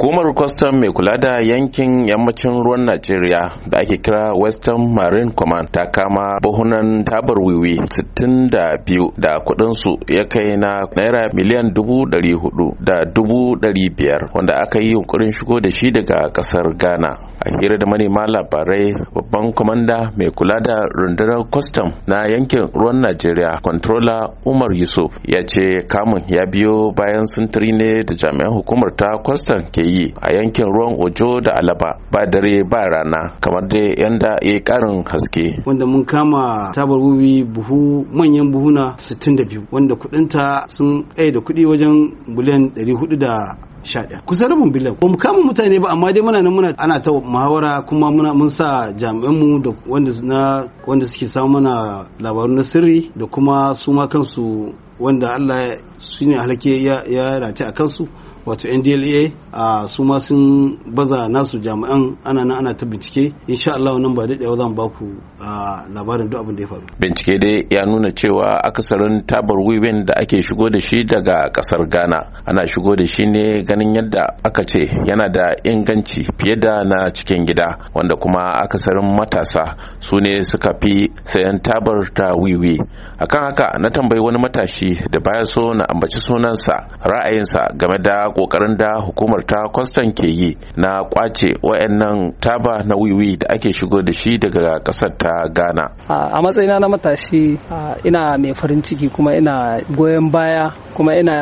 hukumar kwastam mai kula da yankin yammacin ruwan najeriya da ake kira western marine command ta kama buhunan tabar wiwi 62 da kudinsu ya kai na naira miliyan dubu da dubu wanda aka yi yunkurin shigo da shi daga kasar ghana a hira da manema labarai babban kwamanda mai kula da rundunar kwastam na yankin ruwan najeriya controller umar yusuf ya ce kamun ya biyo bayan sintiri ne da jami'an hukumar ta kwastam ke yi a yankin ruwan ojo da alaba ba dare ba rana kamar dai yanda ya karin haske wanda mun kama tabar wubi buhu manyan buhuna 62 wanda kudinta sun kai da kudi wajen miliyan 400 sha ɗaya rabin biliyan ba mu kama mutane ba amma dai muna nan muna ana ta muhawara kuma muna mun sa jami'anmu mu da wanda na wanda suke samu mana labaru na sirri da kuma su ma kansu wanda Allah shine halake ya ya a kansu wato ndla a su ma sun baza nasu jami'an ana nan ana ta bincike insha Allah nan ba daɗewa zan baku labarin duk abin da ya faru bincike dai ya nuna cewa akasarin tabar wiwin da ake shigo da shi daga kasar ghana ana shigo da shi ne ganin yadda aka ce yana da inganci fiye da na cikin gida wanda kuma akasarin matasa su ne suka fi sayan tabar ta wiwi akan haka na tambayi wani matashi da baya so na ambaci sunansa ra'ayinsa game da kokarin da hukumar ta kwastan ke yi na kwace wayannan taba na wiwi da ake shigo da shi daga kasar ta ghana a matsayina na matashi ina mai farin ciki kuma ina goyon baya kuma ina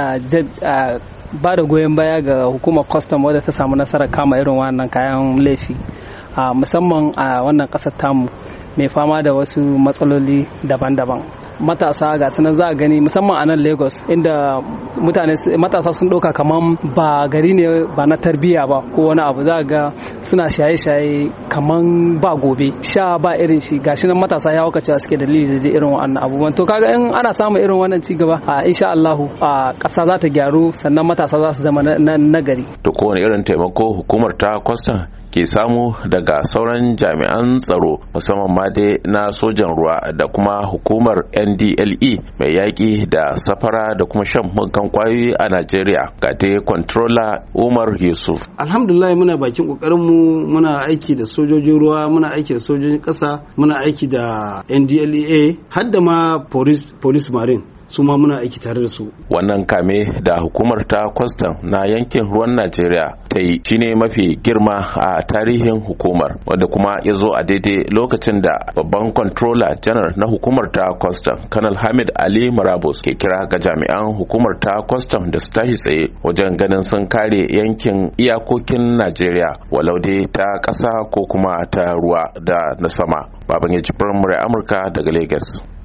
ba da goyon baya ga hukumar kwastan wadda ta samu nasara kama irin wannan kayan laifi musamman a wannan kasar tamu mai fama da wasu matsaloli daban-daban matasa ga sunan za a gani musamman a nan lagos inda mutane matasa sun ɗauka kamar ba gari ne ba na tarbiyya ba ko wani abu za ga suna shaye-shaye kamar ba gobe sha ba irin shi gashi nan matasa ya waka cewa suke dalili da irin wannan abubuwan to kaga in ana samun irin wannan ci gaba a insha Allahu a ƙasa za ta gyaru sannan matasa za su zama na nagari to kowane irin taimako hukumar ta kwastan ke samu daga sauran jami'an tsaro musamman ma dai na sojan ruwa da kuma hukumar ndle mai yaƙi da safara da kuma shan mugan kwayoyi a najeriya ga dai controller umar yusuf alhamdulillah muna bakin kokarin mu muna aiki da sojojin ruwa muna aiki da sojojin ƙasa muna aiki da ndlea har da ma police marine su ma muna aiki tare da su wannan kame da hukumar ta kwastan na yankin ruwan najeriya ta yi shine mafi girma a tarihin hukumar wanda kuma ya zo a daidai lokacin da babban controller janar na hukumar ta kwastan, kanal hamid ali marabus ke kira ga jami'an hukumar ta kwastam da su tashi tsaye wajen ganin sun kare yankin iyakokin najeriya walau dai ta ƙasa ko kuma ta ruwa da na sama baban ya ji amurka daga lagos